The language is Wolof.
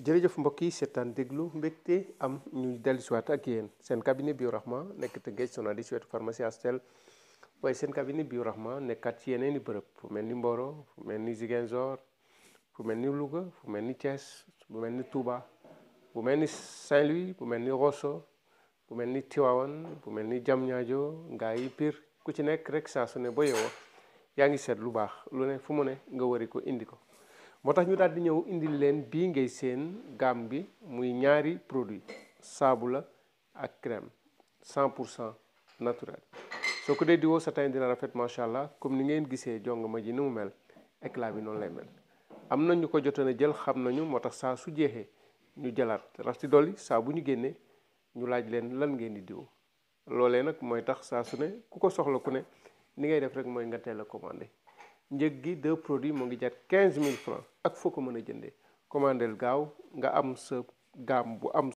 jërëjëf mbokk yi seetaan déglu mbégte am ñu dellusiwaat ak yéen seen cabinet Biorahma nekk te géej Sonadis wetu pharmacie Astel waaye seen cabinet Biorahma nekkaat ci yeneen i bërëb fu mel ni Mboro fu mel ni Ziguinchor fu mel ni Louga fu mel ni Thiès bu mel ni Touba bu mel ni Saint-Louis bu mel ni Rosso bu mel ni Tivaouane bu mel ni Diamniadio ngaa yi Pire ku ci nekk rek saa su ne yaa ngi seet lu baax lu ne fu mu ne nga wari ko indi ko. moo tax ñu daal di ñëw indil leen bii ngay seen gamme bi muy ñaari produit saabu la ak crème 100 pour cent naturel soo ko dee diwoo sa teint dina rafet macha allah comme ni ngeen gisee jongama ji ni mu mel éclat bi noonu lay mel. am na ñu ko jotoon a jël xam nañu moo tax saa su jeexee ñu jëlaat rax ci dolli saa bu ñu génnee ñu laaj leen lan ngeen di diwoo loolee nag mooy tax saa su ne ku ko soxla ku ne ni ngay def rek mooy nga teel a commandé. njëg gi deux produits mu ngi jar quinze mille francs ak foo ko mën a jëndee commandeel gaaw nga am sa gaam bu am